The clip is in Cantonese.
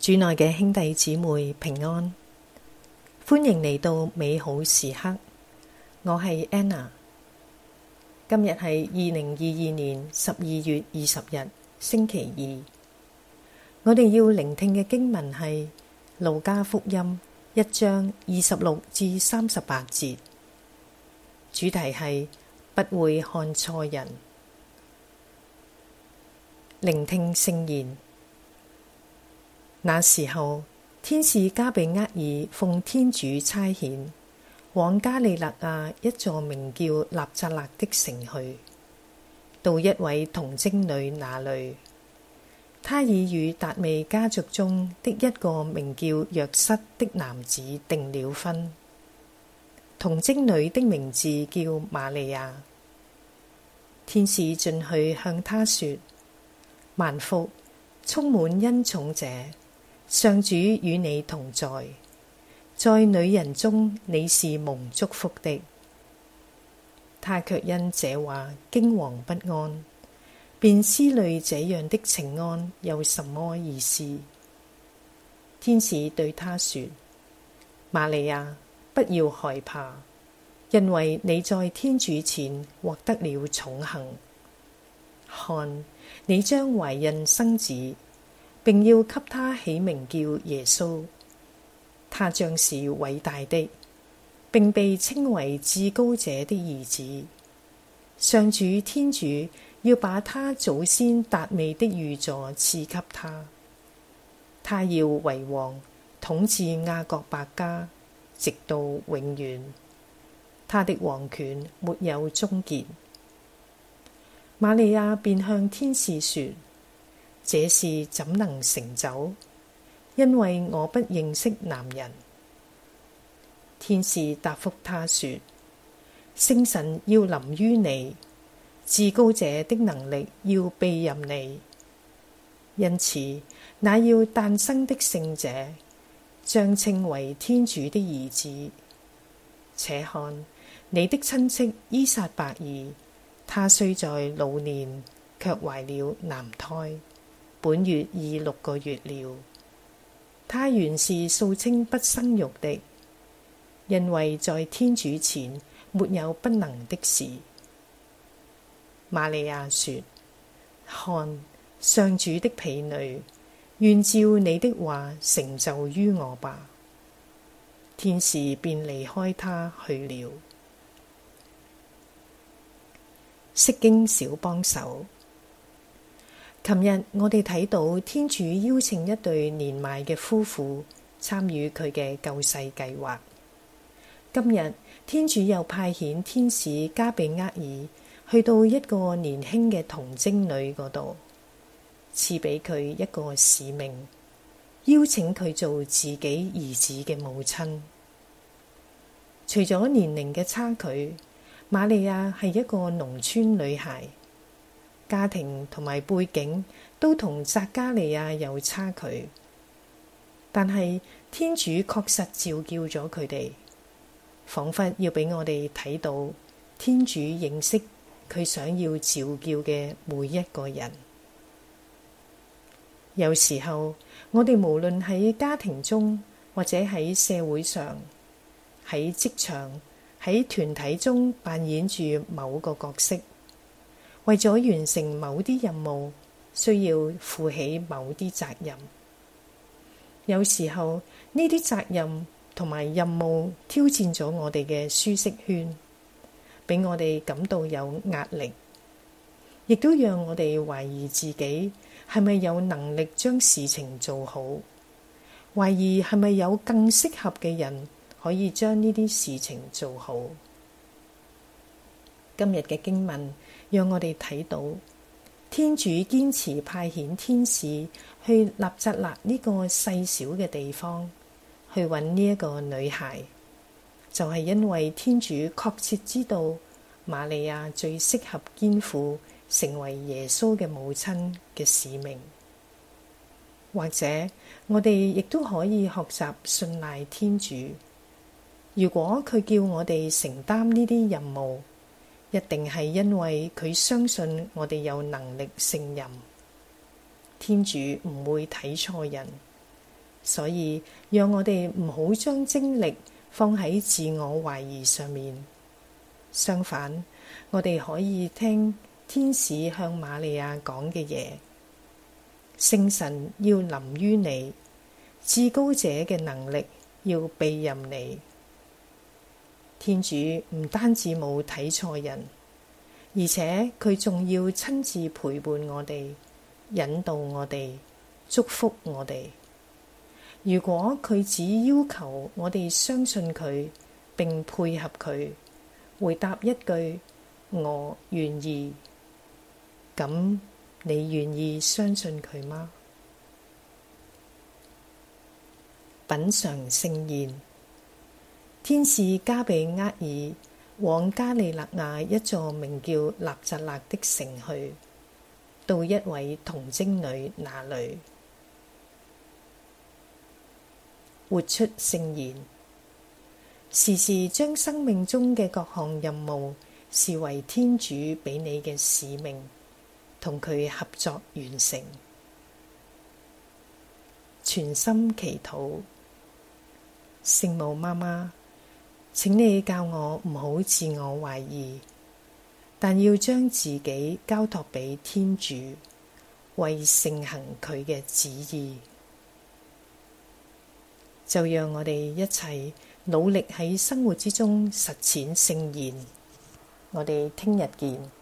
主內嘅兄弟姊妹平安，歡迎嚟到美好時刻。我係 Anna，今日係二零二二年十二月二十日星期二。我哋要聆聽嘅經文係路加福音一章二十六至三十八節，主題係不會看錯人。聆聽聖言。那時候，天使加俾額爾奉天主差遣，往加里肋亞一座名叫納匝肋的城去，到一位童貞女那裡，她已與達味家族中的一個名叫若瑟的男子訂了婚。童貞女的名字叫瑪利亞。天使進去向她說：萬福，充滿恩寵者！上主與你同在，在女人中你是蒙祝福的。他卻因這話驚惶不安，便思慮這樣的請安有什麼意思。天使對他說：瑪利亞，不要害怕，因為你在天主前獲得了寵幸。看，你將懷孕生子。並要給他起名叫耶穌，他將是偉大的，並被稱為至高者的兒子。上主天主要把他祖先達味的御座賜給他，他要為王統治雅各伯家，直到永遠。他的王權沒有終結。瑪利亞便向天使說。這事怎能成就？因為我不認識男人。天使答覆他說：聖神要臨於你，至高者的能力要庇廕你。因此，那要誕生的聖者將稱為天主的兒子。且看你的親戚依撒伯爾，他雖在老年，卻懷了男胎。本月已六個月了，他原是素稱不生育的，因為在天主前沒有不能的事。瑪利亞說：看，上主的婢女，願照你的話成就於我吧。天使便離開他去了。《釋經小幫手》琴日我哋睇到天主邀請一對年邁嘅夫婦參與佢嘅救世計劃。今日天主又派遣天使加俾額爾去到一個年輕嘅童貞女嗰度，賜俾佢一個使命，邀請佢做自己兒子嘅母親。除咗年齡嘅差距，瑪利亞係一個農村女孩。家庭同埋背景都同匝加利亞有差距，但係天主確實召叫咗佢哋，仿佛要俾我哋睇到天主認識佢想要召叫嘅每一個人。有時候我哋無論喺家庭中，或者喺社會上，喺職場、喺團體中扮演住某個角色。為咗完成某啲任務，需要負起某啲責任。有時候，呢啲責任同埋任務挑戰咗我哋嘅舒適圈，俾我哋感到有壓力，亦都讓我哋懷疑自己係咪有能力將事情做好，懷疑係咪有更適合嘅人可以將呢啲事情做好。今日嘅經文讓我哋睇到天主堅持派遣天使去納匝肋呢個細小嘅地方去搵呢一個女孩，就係、是、因為天主確切知道瑪利亞最適合肩負成為耶穌嘅母親嘅使命。或者我哋亦都可以學習信賴天主，如果佢叫我哋承擔呢啲任務。一定係因為佢相信我哋有能力勝任，天主唔會睇錯人，所以讓我哋唔好將精力放喺自我懷疑上面。相反，我哋可以聽天使向瑪利亞講嘅嘢，聖神要臨於你，至高者嘅能力要庇廕你。天主唔單止冇睇錯人，而且佢仲要親自陪伴我哋，引導我哋，祝福我哋。如果佢只要求我哋相信佢，並配合佢，回答一句我願意，咁你願意相信佢嗎？品嚐聖言。.天使加俾額爾往加里肋亞一座名叫納匝肋的城去，到一位童貞女那裡。活出聖言。時時將生命中嘅各項任務視為天主畀你嘅使命，同佢合作完成。全心祈禱。聖母媽媽。請你教我唔好自我懷疑，但要將自己交託畀天主，為成行佢嘅旨意。就讓我哋一齊努力喺生活之中實踐聖言。我哋聽日見。